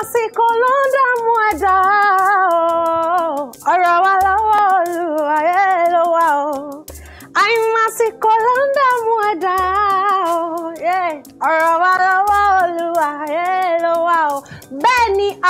àsìkò ló ń dààmú ẹ̀dá o ọ̀rọ̀ wa lọ́wọ́ olùwàyẹ ló wà o àìmàsìkò ló ń dààmú ẹ̀dá o ọ̀rọ̀ wa lọ́wọ́ olùwàyẹ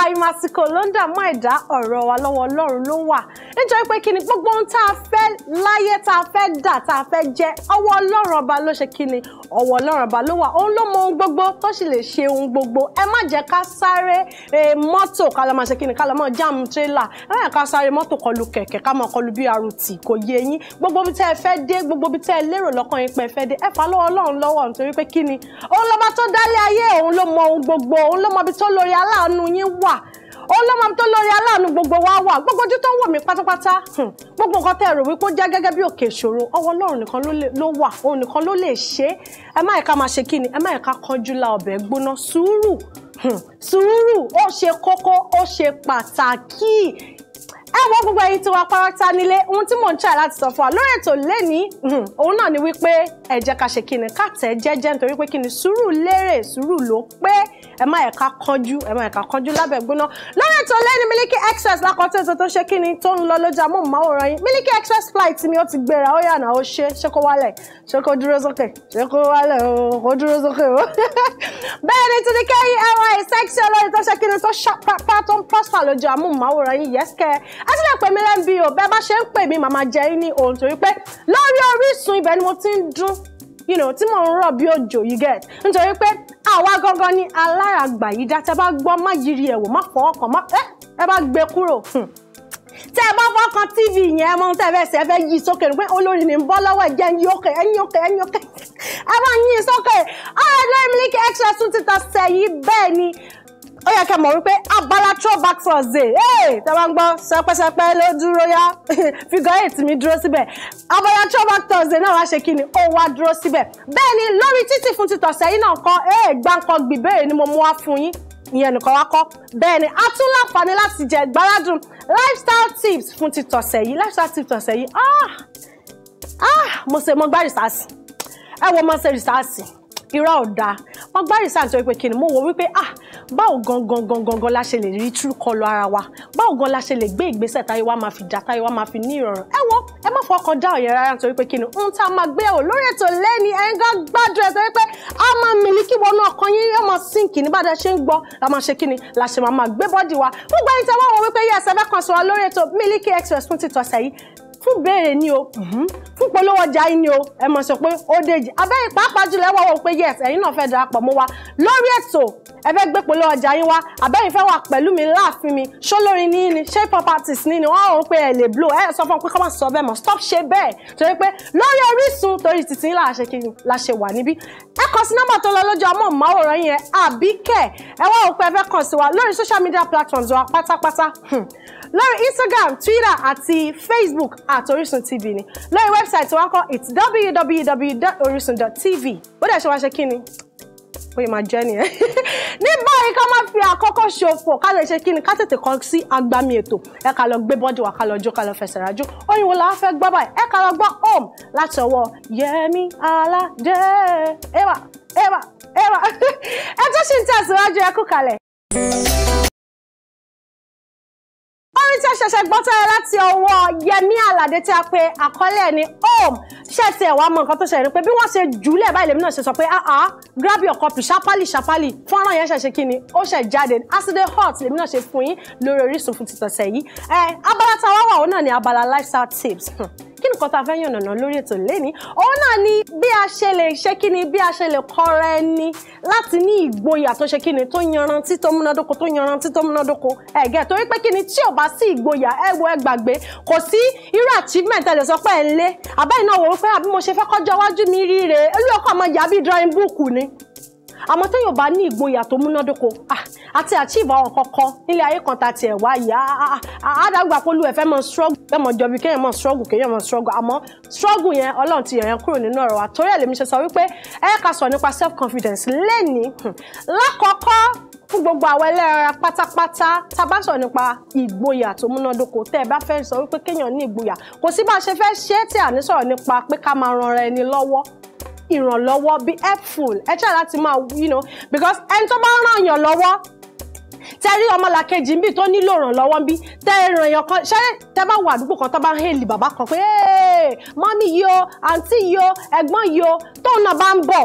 àìmọ̀ àsìkò ló ń dààmú ẹ̀dá ọ̀rọ̀ wa lọ́wọ́ Ọlọ́run ló wà nítorí pé kí ni gbogbo ohun tá a fẹ́ láyé tá a fẹ́ dà tá a fẹ́ jẹ ọwọ́ Ọlọ́run ọba ló ṣe kí ni ọwọ́ Ọlọ́run ọba ló wà òun ló mọ ohun gbogbo tó sì lè ṣe ohun gbogbo ẹ má jẹ́ ká sáré e, mọ́tò ká lọ máa ṣe kí ni ká lọ máa jáàmù tírélà ẹ má ká sáré mọ́tò kọlu kẹ̀kẹ́ ká máa kọlu bí RT kò yé yín gbogbo bí tẹ́ ẹ fẹ́ dé gbogbo bí tẹ́ ẹ lérò lọ́kàn yín pé fẹ́ dé ẹ fà lọ́wọ́ Ọlọ́run lọ́wọ́ nítorí pé kí ni òun lọ́ba tó dálé ayé òun ló mọ ohun gbogbo òun ló mọ ibi tó lórí aláàánú yín wà ọlọ́mọ tó lórí aláàánú gbogbo wa wà gbogbo ojú tó ń wò mí pátápátá hmm, gbogbo nǹkan tẹ́ rò wípé ó jẹ́ gẹ́gẹ́ bí òkè ìṣòro ọwọ́ ọlọ́run nìkan ló wà òun nìkan ló lè ṣe é ẹ má ẹ̀ka máa ṣe kí ni ẹ má ẹ̀ka kanjú la ọbẹ̀ gbóná sùúrù hmm, sùúrù ó ṣe kókó ó ṣe pàtàkì ẹ wọ gbogbo ẹ̀yin tí wàá pàrọ̀tà nílé ohun tí mò ń ṣàì láti sọ fún wa lórí ètò lẹ́ni hmm, òun náà ni wípé ẹ jẹ́ ká ṣe kíni ká tẹ̀ jẹ́jẹ́ nítorí pé kíni sùúrù lérè sùúrù ló pé ẹ má ẹ̀ka kánjú ẹ má ẹ̀ka kánjú lábẹ́ gbóná lórí ètò lẹ́ni Miliki Express lákọ̀tún ètò tó ṣe kí ni tó ń lọ lójú amóhùnmáwòrán yín Miliki Express flight mi ó ti gbéra ó yànà ó ṣe ṣé kó wálẹ̀ ṣé kó dúró sókè ṣé kó wálẹ̀ o kó dúró sókè o bẹ́ẹ̀ ni ti ní kẹ́yìn ẹ̀rọ ìṣẹ́kṣẹ́ lórí tó ṣe kí ni tó ṣàpápá tó ń pọ́sà lójú amóhùnmáwòrán yín yẹ́sìkẹ́ ẹ ti yín ní òun torí you know tí mò ń rọ̀ bí òjò you get nítorí pé àwa gangan ni alára gbàyídá tẹ bá gbọ́ má yiri ẹ̀wò má fọwọ́ kàn má ẹ bá gbé kúrò hmm. tẹ bá fọkàn tv yẹn mọ tẹ fẹ sẹ fẹ yí sókè pé olórí ni ń bọ́ lọ́wọ́ ẹ jẹ ẹyin òkè ẹyin òkè ẹyin òkè ẹ bá yín sókè ọ̀rọ̀ Miliki extra. tún ti tọ sẹ́yìn bẹ́ẹ̀ ni ó yẹ kẹ́ mọ̀ wípé abala throwback Thursday ee tá a bá ń gbọ́ sẹpẹsẹpẹ ló dúró yá figure eight mi dúró síbẹ̀ abala throwback Thursday náà wá ṣe kí ni ó wá dúró síbẹ̀ bẹ́ẹ̀ ni lórí títì fún títọ̀sẹ̀ yìí náà kọ́ ee gbáǹkọ́ gbìbéèrè ni mo mú wá fún yín ìyẹn nìkan wá kọ́ bẹ́ẹ̀ ni a tún láǹfààní láti jẹ gbárádùn lifestyle tips fún títọ̀sẹ̀ yìí lifestyle tips tọ̀sẹ̀ yìí ah ah mo ṣe mo gbá rìsáàsì ẹ wo mo ṣe rìsáàsì irá ọ̀dà wọ́n gbá research wípé kí ni mo wò wípé ah báwo gangan gangan gan la ṣe lè rí true colour ara wa báwo gan la ṣe lè gbé ìgbésẹ̀ táyé wa máa fi jà táyé wa máa fi ní ìrọ̀rùn ẹ wo ẹ má fọkàn dá ọ̀yẹ́ rárá nítorí pé kí ni ohun tá a máa gbé ẹ̀wò lórí ètò lẹ́ni ẹ̀ ń gán gbádùn ẹ̀sẹ̀ wípé a máa mìlíkì wọnú ọkàn yín yóò máa sínkì ní bàdá ṣe ń gbọ́ la máa ṣe kí ni la ṣe máa máa gbé bọ́dì wa gbogbo ẹni tẹ́ wọ́n wọ Miliki Express fún títọ́sẹ̀ yìí fún béèrè ń polówó ọjà yín ni o ẹ mọ̀ sọ pé ó déjì abẹ́yìn pàápàá jùlọ ẹ wọ́n wọ́n pé yes ẹ̀yin náà fẹ́ darapọ̀ mọ́ wa lórí ètò ẹ fẹ́ gbé polówó ọjà yín wá abẹ́yìn fẹ́ wà pẹ̀lú mi láàfin mi ṣó lórí ní ní ṣé properties ní ni wọ́n àwọn pé ẹ lè blow ẹ sọ fún ọ pé kọ́ máa sọ bẹ́ẹ̀ mọ̀ stop ṣe bẹ́ẹ̀ torí pé lórí Orísun torí títí ńlá àṣekíyìn la ṣe wà níbí ẹ kàn sí nọ́mbà tó lọ lójú ọmọ ìmáwòrán yẹn àbíkẹ́ ẹ wá òpin ẹ fẹ́ kàn sí wa lórí social media platforms wa pátápátá hmm lórí instagram twitter àti facebook at orísun tv ni lórí wẹ́bsáìtì wa kọ́ it's www.orisun.tv bó dẹ̀ ṣe wá ṣe kí ni pé máa jẹ́ nìyẹn ní báyìí ká má fi àkókò ṣòfò ká lè ṣe kí ni ká tètè kọ sí agbami ètò ẹ ká lọ gbé bọ́dì wá ká lọ jó ká lọ fẹsẹ̀ rájú oyin wo la wá fẹ́ gbọ́ báyìí ẹ ká lọ gbọ́ home láti ọwọ́ Yẹmí Aládé ẹwà ẹwà ẹwà ẹ tó ṣì ń tẹ̀síwájú ẹ kú kalẹ̀. ṣẹ̀ṣẹ̀ gbọ́ tẹ́lẹ̀ láti ọwọ́ Yẹmí Àlàdé tí a pe àkọlé ní home ṣe ti ẹ̀wà mọ nǹkan tó ṣe ni pé bí wọ́n ṣe jùlẹ̀ báyìí lèmi náà ṣe sọ pé ah ah grab your copy ṣapálì ṣapálì fọ́nrán yẹn ṣẹ̀ṣẹ̀ kí ni ó ṣẹ̀ jáde aside hot lèmi náà ṣe fún yín lórí Orísun fún títọ̀sẹ̀ yìí abala táwa wà ó náà ni abala lifestyle tips kí nìkan tá a fẹ́ yàn nàná lórí ètò lẹ́ni òun náà ni bí a ṣe lè ṣe kí ni bí a ṣe lè kọ́ra ẹni láti ní ìgboyà tó ṣe kí ni tó yanrantí tó múnádóko tó yanrantí tó múnádóko ẹ̀gẹ́ torí pé kí ni tí ò bá sí ìgboyà ẹ wo ẹ gbàgbé kò sí irú achievement ẹ lè sọ pé ẹ ń lé àbá ìnáwó fẹ́ àbí mo ṣe fẹ́ kọjọ́ wájú mi rí rèé olú ọkọ̀ ọmọ yàbí drawing book ni àmọ́ téèyàn bá ní ìgboyà tó múnádóko ah, àti àchíìbù àwọn kọ̀ọ̀kan nílé ayé kan tàti ẹ̀ wá yìí ah, ah, àdàgbà polú ẹ̀ fẹ́ mọ struggle fẹ́ mọ jọbi kéèyàn mọ struggle kéèyàn mọ struggle àmọ́ struggle yẹn ọlọ́run ti yẹ̀yàn kúrò nínú ọ̀rọ̀ wa torí ẹ̀ lèmi ṣe sọ wípé ẹ ká sọ nípa self confidence lẹ́ni hmm. lákọ̀ọ́kọ́ fún gbogbo àwọn ẹlẹ́ra pátápátá tá a bá sọ̀rọ̀ nípa ìgboyà tó múnádóko tẹ́ ẹ bá fẹ́ sọ wípé kéèyàn ní ìgboyà kò sí bá a ṣe fẹ́ ṣe é tí à ní sọ̀rọ̀ nípa pé ká máa ran ara ẹni lọ́wọ́ ìrànlọ́wọ́ be helpful ẹ ṣáà láti máa you know because ẹni tó bá ràn yàn lọ́wọ́ tẹ́rí ọmọlàkejì ń bì tó nílò ìrànlọ́wọ́ ń bí tẹ́ ẹ̀ràn èèyàn kan ṣẹ́rẹ́ tẹ́ bá wà àdúgbò kan tó bá ń hèlì bàbá kan pé mọ́mí yìí o àǹtí yìí o ẹ̀gbọ́n yìí o tóun náà bá ń bọ̀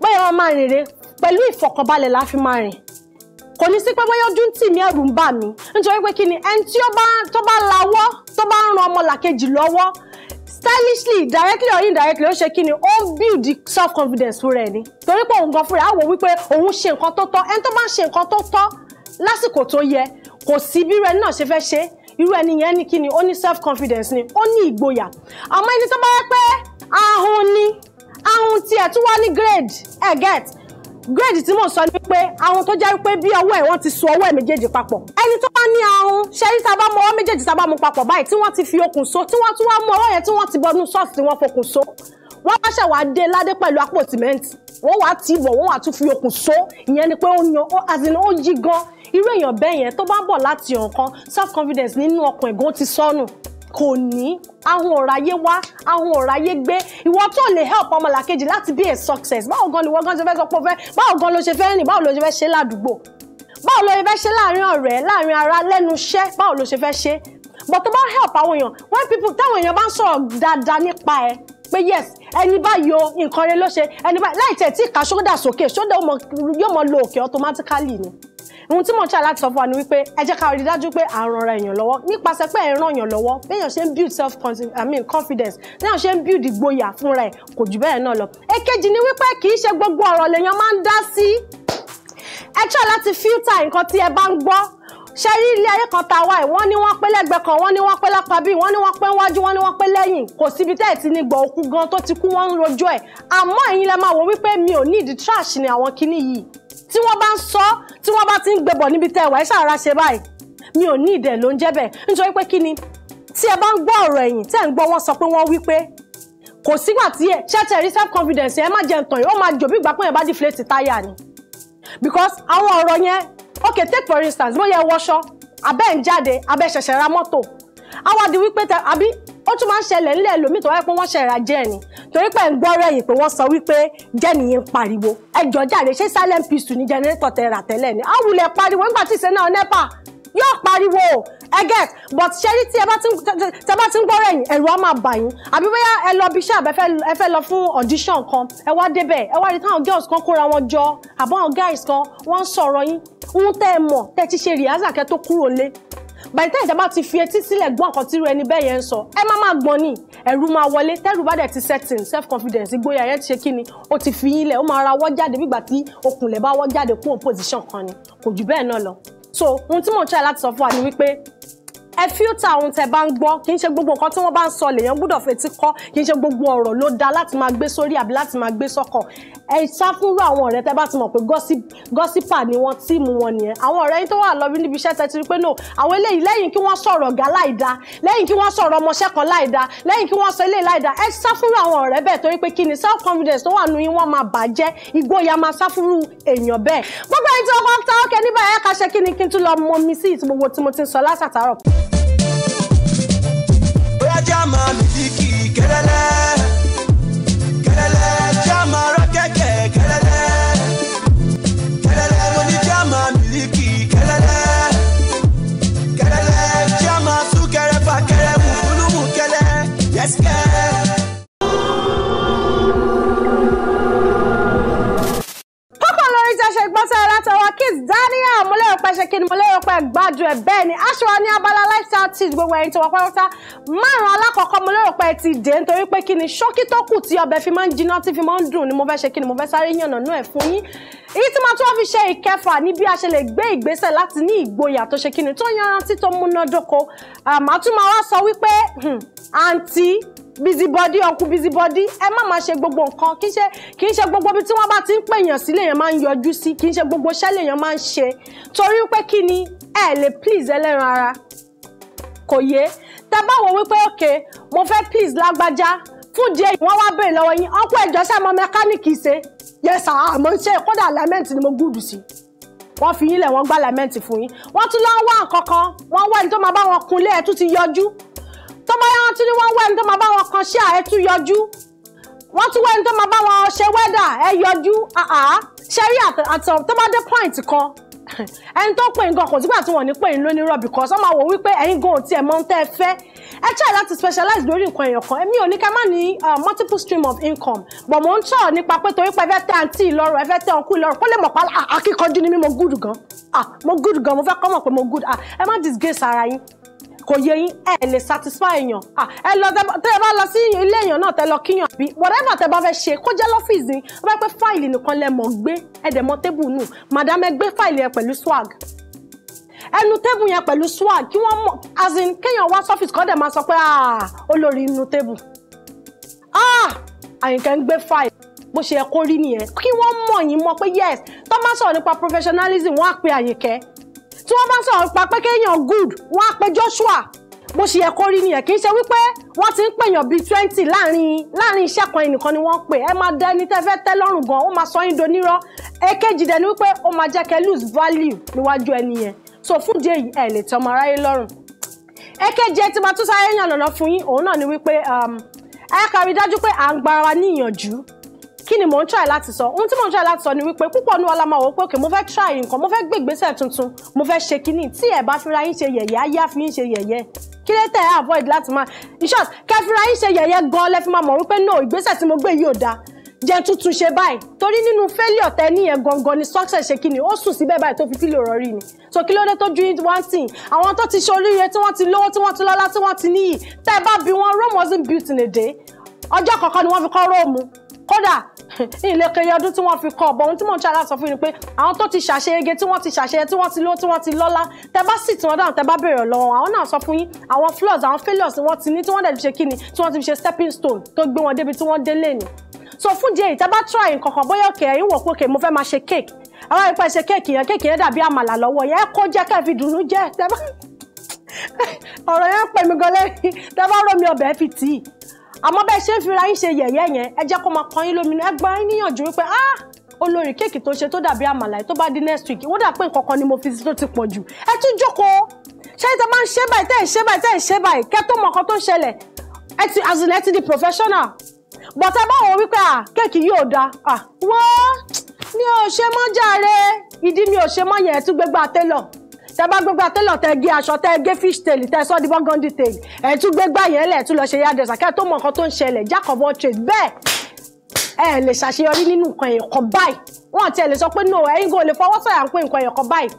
bóyá wọn máa rìn re pẹ̀lú ìfọ̀kànbalẹ̀ la fi máa rìn kò ní sí pé bóyá ojú ń tì mí ẹ̀rù ń bà mí nítorí pé kí ni ẹni tó bá lawọ́ tó bá ń ran ọmọlàkejì lọ́wọ́ stylishly directly or indirectly ó ṣe kí ni ó ń build self confidence fún rẹ ni torí pé òun gan fúnra á wò wípé òun ṣe nǹkan tó tọ́ ẹni tó bá ń ṣe nǹkan tó tọ́ lásìkò tó yẹ kò sí bí irú ẹni náà ṣe fẹ́ ṣe irú ẹni yẹn ni kí ni ó ní self confidence ni ó ní ìgboyà àmọ́ ẹni tó bá yẹ pé ahun ni ahun tiẹ̀ tún wá ní grade ẹ̀ get grade tí mò ń sọ ni pé ahun tó jẹ́ pé bí ọwọ́ ẹ̀ wọ́n ti so ọwọ́ ẹ̀ méjèèjì papọ̀ ẹni tó bá yàn ọ̀hún ṣẹ́rí sábà mọ ọwọ́ méjèèjì sábà mú papọ̀ báyìí tí wọ́n ti fi okùn so tí wọ́n tún wá mú ọwọ́ yẹn tí wọ́n ti bọnú ṣọ́ọ̀ṣì tí wọ́n fokùn so wọ́n wá ṣẹ̀ wá dé ládé pẹ̀lú àpò tìmẹ́ǹtì wọ́n wá tì bọ̀ wọ́n wá tún fi okùn so ìyẹn ni pé ó yan ó àtìní ó yí gan irú èèyàn bẹ́ẹ̀ yẹn tó bá ń bọ̀ láti ọ̀kan self confidence nínú ọkàn ẹ̀gán ti sọnù kò ní àwọn ọ̀ráyé wá àwọn ọ̀ráyé gbé ìwọ tó lè help ọmọlàkejì láti be a success báwo gan ni wọ́n gan ṣe fẹ́ sọ pé báwo gan ló ṣe fẹ́ rìn báwo ló ṣe fẹ́ ṣe ládùúgbò báwo lo ṣe fẹ́ ṣe láàrin ọ̀rẹ́ láàrin ara lẹ́nu iṣẹ́ báwo lo ṣe fẹ́ ṣe but tó bá help àwọn èèyàn when people táwọn èèyàn bá ń sọ̀rọ̀ dáadáa nípa ẹ pé yes ẹni báyìí o nǹkan rẹ ló ṣe ẹni báyìí láì tẹ̀ tí ìka ṣódà sókè ṣódà yóò mọ lo òkè automatically ni ohun tí mo ń ṣe láti sọ fún wa ni wípé ẹ jẹ́ ká rí dájú pé à ń ranra èèyàn lọ́wọ́ nípasẹ̀ pé ẹ̀ ń ràn èèyàn lọ́wọ́ béèyàn ṣe ń build self I mean confidence béèyàn ṣe ń build ìgboyà fúnra ẹ̀ kò jù bẹ́ẹ̀ náà lọ èkejì ni wípé kì í ṣe gbogbo ọ̀rọ̀ lèèyàn máa ń dá sí ẹ ṣáà láti fíltà nǹkan tí ẹ bá ń gbọ́ ṣe rí ilé ayé kan tá a wá ẹ wọ́n ní wọ́n pé lẹ́gbẹ̀ẹ́ kan wọ́n ní wọ́n pé lápá bíi wọ́n ní wọ́n pé wájú wọ́n ní wọ́n pé lẹ́yìn kò síbi tẹ́ ẹ̀ ti ní gbọ̀ òkú gan tó ti kú wọ́n ń rojọ́ ẹ̀ àmọ́ ẹ̀yin lẹ máa wò wípé mi ò ní ìdí trash ni àwọn kinní yìí tí wọ́n bá ń sọ tí wọ́n bá ti ń gbẹbọ̀ níbi tẹ́ ẹ wà ẹ ṣàrà ṣe báyìí mi ò ní ìdẹ̀ ló ń jẹ́ bẹ́ẹ̀ nítorí pé kí ni tí ẹ bá ń gbọ́ ọ̀rọ̀ self confidence ẹ má jẹun tàn yìí ó máa jò bí ìgbà pé yẹn bá deflate ni because àwọn ọ̀rọ̀ yẹn ok take for instance mo ẹ wọṣọ abẹ́ ń jáde abẹ́ ṣẹ̀ṣẹ̀ ra mọ́tò àwọn àdìwí pé tẹ àbí ó tún máa ń ṣẹlẹ̀ nílẹ̀ lómi tó wáyé pé wọ́n ṣẹ̀ra jẹ́ ni torí pé ń gbọ́rọ̀ ẹ̀yìn pé wọ́n sọ wípé jẹ́ nìyẹn ń pariwo ẹjọ́ jàre ṣé silent peaceful ní jẹnẹrétọ̀ tẹ rà tẹ́lẹ̀ ni àwùlẹ̀ pariwo nígbà tí ìṣẹ́ náà nẹ́pà yóò pariwo ẹ get but ṣẹ́rí tí ẹ bá ti ń gbọ́rọ̀ ẹ̀yìn ẹ̀rù á máa bà yín àbí bóyá ẹ lọ bí iṣẹ́ àbẹ́ ẹ fẹ́ lọ fún audition kan ẹ wá débẹ̀ ẹ wá rí táwọn girls kan kóra wọn jọ àbáwọn guys kan wọ́n ń sọ̀rọ̀ yín ohun tẹ́ ẹ mọ̀ tẹ́ ti ṣe rìhásà kẹ́ tó kúrò lé by the time ìjọba ti fi etí sílẹ̀ gbọ́n nǹkan tí irú ẹni bẹ́ẹ̀ yẹn ń sọ ẹ má máa gbọ́n ni ẹ̀rù máa wọlé tẹ́rù bá dẹ̀ ti setting self confidence ìgboyà yẹn ti ṣe kíni ó ti fi yín lẹ̀ ó máa ra wọ́ jáde bí ìgbà tí okùnlẹ̀ bá wọ́ jáde kúrò position kan ni kò jù bẹ́ẹ̀ náà lọ so ohun tí mò ń ṣe láti sọ fún wa ni wípé ẹ fíútà ohun tẹ bá ń gbọ́ kì í ṣe gbogbo nǹkan tí wọ́n bá ń sọ lèèyàn gbọ́dọ̀ fetí kọ́ kì í ṣe gbogbo ọ̀rọ̀ ló dáa láti máa gbé sórí àbí láti máa gbé sọ́kàn ẹ sá fúnrú àwọn ọ̀rẹ́ tẹ́ bá ti mọ̀ pé gọ́sípà ni wọ́n tíìmù wọn nìyẹn àwọn ọ̀rẹ́ yín tó wà lọ́bí níbi iṣẹ́ tẹ́ ti rí pé no àwọn eléyìí lẹ́yìn kí wọ́n sọ̀rọ̀ ọ̀gá láìda lẹ́yìn kí wọ́n sọ̀rọ̀ ọmọṣẹ́ kan láìda lẹ́yìn kí wọ́n sọ eléyìí láìda ẹ sá fúnrú àwọn ọ̀rẹ́ bẹ́ẹ̀ torí pé kí ni self confidence tó wà nù yín wọ́n máa bàjẹ́ ìgboyà máa sá fúnrú èèyàn bẹ́ẹ̀ gbogbo ẹni tí wọ́n ta ókè níbẹ̀ ẹ̀ ká ṣe kí ni kí n tún lọ mọ mi sí ìtì gbogbo is Daniel mo lérò pé ṣe kí ni mo lérò pé bẹ́ẹ̀ ni aṣọ wa abala lifestyle tips gbogbo ẹ̀yin tó wà pátápátá márùn-ún alákọ̀ọ́kọ́ mo lérò pé ti dé nítorí pé kí ni ṣókí tó kù tí ọbẹ̀ fi máa ń jiná tí fi máa ń dùn ni mo fẹ́ ṣe kí ni mo fẹ́ sáré yànnà náà ẹ̀ fún yín èyí tí máa tún wọ́n fi ṣe ìkẹfà ní bí a ṣe lè gbé ìgbésẹ̀ láti ní ìgboyà tó ṣe kí ni tó yanrantí tó múnádóko àmọ́ tún máa wá sọ wípé hmm, àǹtí busybody ọkùn busybody ẹ má máa ṣe gbogbo nǹkan kì í ṣe kì í ṣe gbogbo ibi tí wọ́n bá ti ń pèèyàn sí lèèyàn máa ń yọjú sí kì í ṣe gbogbo iṣẹ́ lèèyàn máa ń ṣe torí pé kí ni ẹ lè please ẹlẹ́ran ara kò yé tẹ bá wò wípé òkè mo fẹ́ please lágbájá fún díẹ̀ wọ́n wá béèrè lọ́wọ́ yín ọkọ ẹ̀jọ́ sẹ́ mọ mẹkáníìkì ṣe yẹsà àmọ́ ṣe kódà lament ni mo gùdù sí wọ́n fi yín lẹ̀ wọ́n gbá lament fún yín wọ́n tún lọ ń wá nǹkan kan wọ́n wá ẹni tó máa bá wọn kunlé ẹ̀ tún ti yọjú tó bá yára tí wọ́n wẹ́ni tó máa bá wọn kan ṣíà ẹ tún yọjú wọ́n tún wẹ́ni tó máa bá wọn ṣe wẹ́dà ẹ yọjú ah, ah. ṣẹ́rí àtọ̀ tó bá dé point kan ẹni tó pè ń gan kò sígbà tí wọn ní pè ń lónírọ because wọn máa wò wípé ẹ̀yin gan ò tiẹ̀ mọ̀ ń tẹ́ ẹ fẹ́ ẹ try láti specialize lórí nǹkan èèyàn kan èmi ò ní ká má ní uh, multiple stream of income but mò ń tọ̀ nípa pé torí pé ẹ fẹ́ tẹ àǹtí ìlọrùn ẹ fẹ́ tẹ ọkú ìlọrùn kó lè mọ̀ pa ah, akíkanjú ni mí mo good gan ah mo good gan mo fẹ́ kọ́ mọ̀ pé mo good ah ẹ má disgrace ara yín kò yẹ yín ẹ lè satisfy èèyàn ẹ lọ tẹ ẹ bá lọ sí ilé èèyàn náà tẹ lọ kíyàn bí whatever tẹ bá fẹ́ ṣe kó jẹ́ lọ́fíìsì ó bá pẹ́ fáìlì nìkan lẹ mọ̀ gbé ẹ dẹ̀ mọ tébù nù madam ẹ gbé fáìlì yẹn pẹ̀lú swag ẹnu tébù yẹn pẹ̀lú swag kí wọ́n mọ̀ as in kéèyàn wá sọ́fíìsì kọ́ dẹ̀ máa sọ pé olórí inú tébù àyìnkẹ́ ń gbé fáìlì bó ṣe yẹ kó rí nìyẹn kí wọ́n mọ̀ yín mọ̀ pé yes tó má nípa professionalism wọ́n á pe àyìnkẹ́ tí wọ́n bá ń sọ̀rọ̀ pa pé kéèyàn good wọ́n á pe Joshua bó ṣe yẹ kó rí nìyẹn kì í ṣe wípé wọ́n ti ń pèèyàn bíi twenty láàrin láàrin iṣẹ́ kan ẹnìkan ni wọ́n ń pè ẹ máa dẹ ẹni tẹ́ fẹ́ tẹ́ lọ́rùn gan ó máa sọ yín donírọ́ èkejì dẹ̀ ni wípé ó máa jẹ́ kẹ́ lose value níwájú ẹni yẹn so fún díẹ̀ yìí ẹ lè tẹ́ ọmọ aráyé lọ́rùn èkejì ẹ ti máa tún sáré yàn lọ́nà fún yín òun náà ni wípé um, ẹ kárí dájú pé à ń gbára wa kí ni mò ń try láti sọ ohun tí mò ń try láti sọ ni wípé púpọ̀ nu ọlá máa wò pé mo fẹ́ try nǹkan mo fẹ́ gbé ìgbésẹ̀ tuntun mo fẹ́ ṣe kínní tí ẹ̀ bá fira yín ṣe yẹ̀yẹ́ ayé á fi yín ṣe yẹ̀yẹ́ kí lè tẹ̀ ẹ́ avoid láti máa in short kẹfira yín ṣe yẹ̀yẹ́ gan lẹ́fi máa mọ̀ wípé no ìgbésẹ̀ tí mo gbé yìí ò dáa jẹ́ tuntun ṣe báyìí torí nínú failure tẹ níyẹn gangan ni success ṣe kíni ó sùn síbẹ̀ báyìí tó fi fílò rọrí ni so kí ló dé tó ju one thing àwọn tó ti ṣe oríire tí wọ́n ti lówó tí wọ́n ti lọ́lá tí wọ́n ti níyì tẹ́ ẹ bá bí wọn Rome wasn't built in a day ọjọ́ kọ̀ọ̀kan ni wọ́n fi kọ́ Róòmù kódà ìlẹ́kẹ̀yẹ ọdún tí wọ́n fi kọ́ ọ̀bọ̀ ohun tí mò ń ṣe aláṣọ fún yín ni pé àwọn tó ti ṣàṣeyege tí wọ́n ti ṣàṣeyẹ tí wọ́n ti lọ tí wọ́n ti lọ́lá tẹ bá sì tí wọ́n dáhùn tẹ bá bèrè lọ́wọ́ àwọn náà sọ fún yín àwọn flaws àwọn failures wọ́n ti ní tí wọ́n dẹ̀ fi ṣe kíni tí wọ́n ti fi ṣe stepping stone tó gbé wọn débi tí wọ́n délé ni so fún díẹ̀ ìtẹ́ bá try nǹkan bóyá òkè ẹ̀yìn wò pé mo fẹ́ máa ṣe cake àwọn ìpẹ́ ṣe cake yẹn cake yẹn dàbí àmàlà lọ́wọ́ yẹn kó jẹ́ kẹ́ fi dùnú jẹ́ ọ̀rọ̀ yẹn pè mí gan lẹ́yìn tẹ́ bá rọ́ mi ọbẹ̀ fi tì àmọ́ bẹ́ẹ̀ ṣe ń fira yín ṣe yẹ̀yẹ́ yẹn ẹ jẹ́ kó máa kan yín lóminú ẹ yín níyànjú wípé ah olórí kéèkì tó ṣe tó dàbí àmàlà tó bá di next week wọ́n dà pé nǹkan kan ni mo fi sí tó ti pọ̀ jù ẹ tún jókòó ṣé ẹ ti máa ń ṣe báyìí tẹ́ ẹ ṣe báyìí tẹ́ ẹ ṣe báyìí kẹ́ tó mọ nǹkan tó ṣẹlẹ̀ ẹ ti àzùnà ti di professional but ẹ bá wọn wípé ah kéèkì yóò da ah wọ́n mi ò ṣe mọ́ jàre ìdí mi ò ṣe mọ́ yẹn ẹ tún gbégbá tẹ́lọ̀ tẹ bá gbégbá tẹ́lọ̀ tẹ gé aṣọ tẹ gé fish tail tẹ sọ di bọ́gán detail ẹ̀ tún gbégbá yẹn lẹ̀ tún lọ ṣe yá dẹ̀sà kẹ́ tó mọ nǹkan tó ń ṣẹlẹ̀ jack of all trade bẹ́ẹ̀ ẹ lè ṣàṣeyọrí nínú nǹkan ẹ̀kọ́ báyìí wọn tiẹ̀ lè sọ pé no ẹ̀yin kò lè fọwọ́ sọ̀yà ń pé nǹkan ẹ̀kọ́ báyìí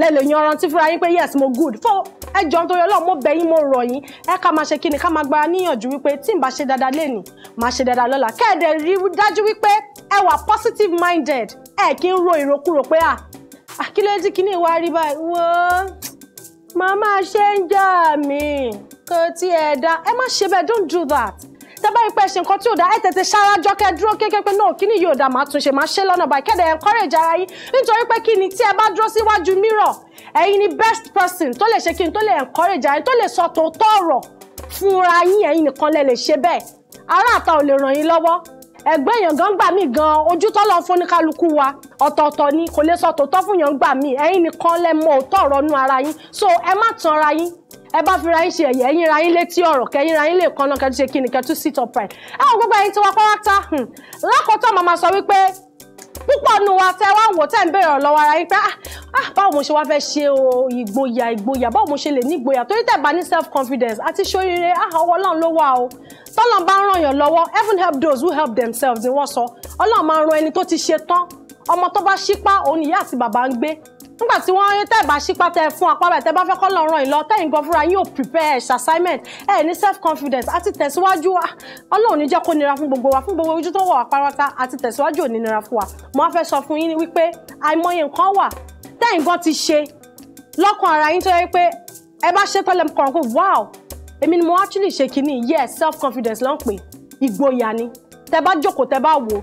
lẹ́lẹ̀ yan ọ̀ràn tí fúnra yín pé yes mo good fún ẹ jọ̀ọ́ nítorí Ọlọ́run mo bẹ̀ yín mo rọ̀ yín ẹ ká máa ṣe kí ni ká máa gbára níyànjú wípé tí n bá ṣe dáadáa lénìí máa ṣe dáadáa lọ́la kẹ́ẹ̀dẹ̀ rí dájú wípé ẹ wà positive minded ẹ kí ń ro ìrokúrò pé à Ah, kí ló ti kíní wá rí báyìí wo màmá ṣe ń jà mí kò tiẹ̀ dá ẹ má ṣe bẹ́ẹ̀ don't do that tẹ́bá rí pé ẹ̀sìn nǹkan tí ò dá ẹ̀ tètè ṣáájọ́ kẹ́ dúró kékeré pé náà kíní yóò dá màá tún ṣe máa ṣe lọ́nà báyìí kẹ́dẹ̀ encourage ara yín nítorí pé kíni tí ẹ bá dúró síwájú mirror ẹ̀yin ni best person tó lè ṣe kíni tó lè encourage ara yín tó lè sọ tòótọ́ ọ̀rọ̀ fúnra yín ẹ̀yin nìkan lẹ lè ṣe bẹ́ẹ̀ ará àta ò lè ràn yín lọ́wọ́ ẹgbẹ́ èèyàn gan gbà mí gan ojú tó lọ fún oníkálukú wa ọ̀tọ̀ọ̀tọ̀ ni kò lè sọ tòótọ́ fún yàn gbà mí ẹ̀yin nìkan lẹ mọ òótọ́ ọ̀rọ̀ nu ara yín so ẹ má tan ara yín ẹ bá fira yín ṣe ẹ̀yẹ ẹ̀yin ra yín létí ọ̀rọ̀ kẹ́yìn ra yín lè kan náà kẹ́tù ṣe kí kẹ́tù sit up right ẹ wọ gbogbo ẹ̀yin tí wọ́n pàwọ́tà hmm. lákòótọ́ màmá sọ wípé púpọ̀ nu wa tẹ́ wá wò tẹ́ ń béèrè ọ̀lọ́wọ́ ara yín pé ah, ah báwo mo ṣe wá fẹ́ ṣe o ìgboyà ìgboyà báwo mo ṣe lè ní ìgboyà torí tẹ̀ bá ní self confidence àti ṣoríire ah ọwọ́ Ọlọ́run ló wà o tọ́lọ́n bá ń ràn yàn lọ́wọ́ heaven help those who help themselves ni wọ́n sọ Ọlọ́run máa ń ran ẹni tó ti ṣe tán ọmọ tó bá ṣípá òun ìyá àti bàbá ń gbé nígbà tí wọ́n yẹ tẹ́ bá ṣípá tẹ́ fún apá bẹ̀ tẹ́ bá fẹ́ kọ́ lọ ràn yín lọ tẹ́yìn gan fúnra yín ah, ò prepare ẹ̀ṣà assignment ẹ̀ ní self confidence àti tẹ̀síwájú ọlọ́run ní jẹ́ kó nira fún gbogbo wa fún gbogbo ojú tó wọ̀ wá pàrọ̀tà àti tẹ̀síwájú ò ní nira fún wa mo á fẹ́ sọ fún yín wípé àìmọye nǹkan wà tẹ́yìn gan ti ṣe lọ́kàn ara yín tó yẹ pé ẹ bá ṣe pẹ́lẹ́ kọ̀ọ̀kan wow èmi ni mo actually ṣe kínní yes self confidence ló ń pè ìgboyà ni tẹ bá jókòó tẹ bá wò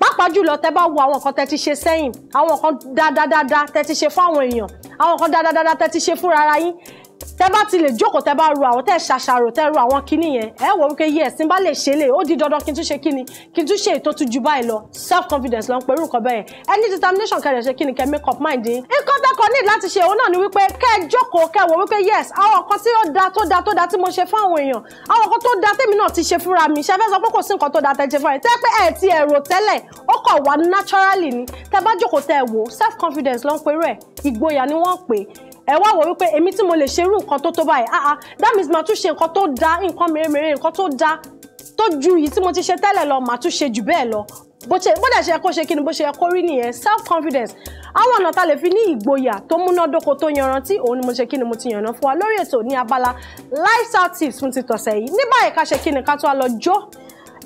pàápàá jùlọ tẹ bá wo àwọn nǹkan tẹ ti ṣe sẹ́yìn àwọn nǹkan dáadáa tẹ ti ṣe fún àwọn èèyàn àwọn nǹkan dáadáa tẹ ti ṣe fúnra ara yín tẹ bá ti lè jókòó tẹ bá ro àwọn tẹ ṣàṣàrò tẹ ro àwọn kinní yẹn ẹ wò wípé yẹ ẹsìn bá lè ṣe lè ó di dandan kí n tún ṣe kíni kí n tún ṣe ètò ju báyìí lọ self confidence ló ń pẹ̀lú nǹkan bẹ́ẹ̀ yẹn ẹni determination kẹrẹ ṣe kíni kẹ make up mind yín. nǹkan tẹkọ ní láti ṣe òun náà ni wípé kẹ ẹ jókòó kẹ wò wípé yes àwọn nǹkan tí ó da tó da tó da tí mo ṣe fún àwọn èèyàn àwọn nǹkan tó ẹ wá wò wípé èmi tí mo lè ṣerú nǹkan tó tó báyìí ah ah that means màá tún ṣe nǹkan tó dáa nǹkan mèremère nǹkan tó dáa tó ju yìí tí mo ti ṣe tẹ́lẹ̀ lọ màá tún ṣe jù bẹ́ẹ̀ lọ bó dẹ̀ ṣe kó ṣe kí ni bó ṣe kó rí nìyẹn self confidence àwọn ọ̀nà tá lè fi ní ìgboyà tó múnádóko tó yanrantí òun ni mo ṣe kí ni mo ti yànnà fún wa lórí ètò ní abala lifestyle tips fún ti tọ̀sẹ̀ yìí ní báyìí ká ṣe kí ni ká tó a lọ jó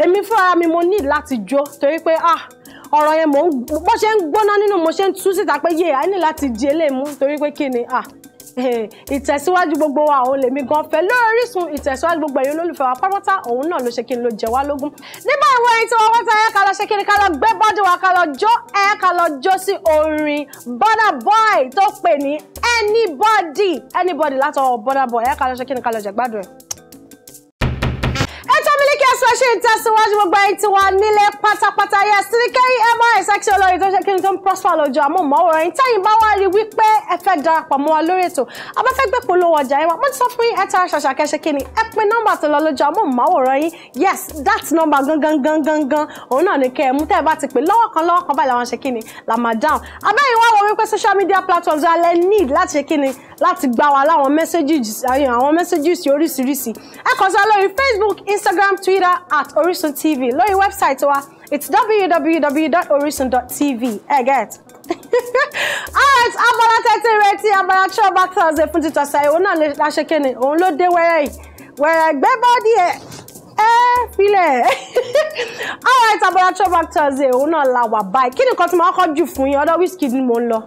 èmi fúnra mi mo ní láti jó torí pé ah ọ̀rọ̀ yẹn mò ń bó ṣe ń gbóná nínú mo ṣe ń tú síta pé yé àní láti di eléyìí mú torí pé kí ni ah ìtẹ̀síwájú gbogbo wa òun lèmi gan fẹ́ lórí Orísun ìtẹ̀síwájú gbogbo ẹ̀yin olólùfẹ́ wa pátápátá òun náà ló ṣe kí n ló jẹ wá lógún. nígbà ìwé yìí tí wọ́n wọ́n ta ẹ̀ ká lọ ṣe kí ni ká lọ gbé bọ́dì wa ká lọ jó ẹ̀ ká lọ jó sí orin Burna Boy tó pè ní anybody anybody látọ̀ Burna Boy ẹ̀ ká lọ ṣe kí ni ká lọ jẹ gbádùn ẹ̀ ṣe tẹ̀síwájú gbogbo ẹ̀yin tiwa nílé pátápátá yẹ síríkẹ́yìn ẹ̀mọ́ ìṣẹ́kíṣẹ́ olórin tó ṣe kí ni tó ń prosper lójú àmúhùnmáwòrán yìí tẹ́yìn bá wá rí wípé ẹ fẹ́ darapọ̀ mọ́ wa lórí ètò abẹ́fẹ́ gbé polówó ọjà yẹn wa mo ti sọ fún yín ẹ tara ṣàṣà kẹṣẹ kí ni ẹ pin nọ́mbà tó lọ lójú àmúhùnmáwòrán yín yes that number gangan gangan gan òun náà ni kẹ́ ẹ e mú tẹ́ ẹ bá ti pè lọ́wọ́ kan lọ́wọ́ kan báyìí làwọn ṣe kí ni la máa dáhùn abẹ́yìn wá wọ wípé social media platforms alẹ́ need láti ṣe kí ni láti gbá wa láwọn messages àwọn messages oríṣiríṣi ẹ kàn sí wa lórí Facebook Instagram Twitter at Orison TV lórí wẹ́bsáìtì wa it's www.orison.tv. Eh get. alright abala tẹ́tí retí abala throwback thursday fún títọ́ sáyé òun náà la ṣe kéne òun ló dé wẹ́rẹ́ yìí wẹ́rẹ́ gbé bọ́ọ̀dì ẹ̀ ẹ filẹ̀ alright abala throwback thursday òun náà la wà báyìí kí ni nǹkan tí mo kọ́ jù fún yín ọ̀dọ̀ Wizkid ni mo ń lọ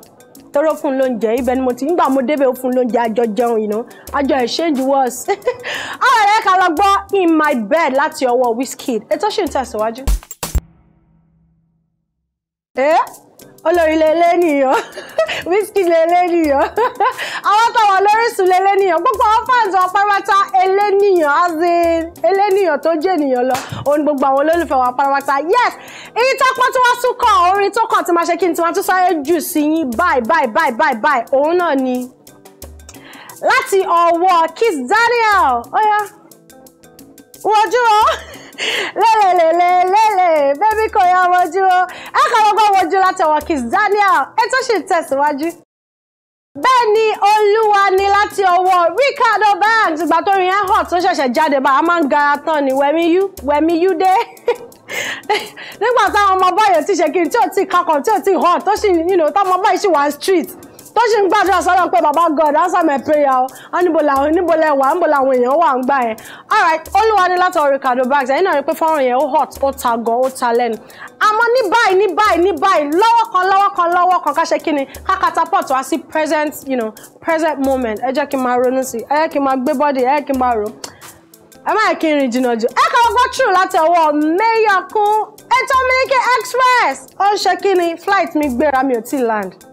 tọrọ fún lóúnjẹ ibẹ̀ ni mo ti nígbà mo débẹ̀ ó fún lóúnjẹ àjọ jẹun ìná àjọ exchange words ọ̀rọ̀ rẹ̀ ká lọ gbọ́ in my bed láti ọwọ́ Wizkid ètò ṣì ń tẹ̀síwájú. Eh? olórí lélẹ́ nìyàn whisky lélẹ́ nìyàn àwọn táwọn olórísun lélẹ́ nìyàn gbogbo àwọn fans wọn pátápátá eléníyàn azin eléníyàn tó jẹ́ ènìyàn lọ òun gbogbo àwọn olólùfẹ́ wọn pátápátá yes èyí tó pọ́n tí wọ́n tún kọ orin tó kàn tí máa ṣe kí n tí wọ́n tún sáré jù sí yín báyìí báyìí báyìí báyìí báyìí òun náà ni láti ọwọ́ Kiss Daniel ó yá wojú o. lélelélélélè bébí kò yá wojú o ẹ kàn lọ́gbọ́n wojú látọwọ́ Kiss Daniel ètò sì ń tẹ̀síwájú bẹ́ẹ̀ ni olúwa ni láti ọwọ́ Ricardo Banks ìgbà tó rin hot tó ṣẹ̀ṣẹ̀ jáde bá a máa ń gara tán ni wẹ̀mí yú wẹ̀mí yú dé nígbà táwọn ọmọ bọ́ọ̀yọ̀ ti ṣe kí n tí ò ti kakọ̀ tí ò ti hot tó sì you know táwọn ọmọ bọ́ọ̀yì sì wà street bó ṣe ń sọ́dọ̀ pé baba god answer my prayer o anibola níbo làwọn níbo èèyàn wà ń gbà yẹn all right látọ̀ ricardo bags ẹ̀yin náà rí pé fọ́nrán yẹn ó hot ó ta gan ó ta lẹ́nu àmọ́ ní báyìí ní báyìí ní báyìí lọ́wọ́ kan lọ́wọ́ kan lọ́wọ́ kan ká ṣe kí ni ká wá present you know present moment ẹ jẹ́ kí n máa ronú sí ẹ jẹ́ kí n máa gbé bọ́dì ẹ jẹ́ kí n máa ẹ kí n rìn jìnnà jù ẹ Express ó ń flight mi gbéra mi ò land.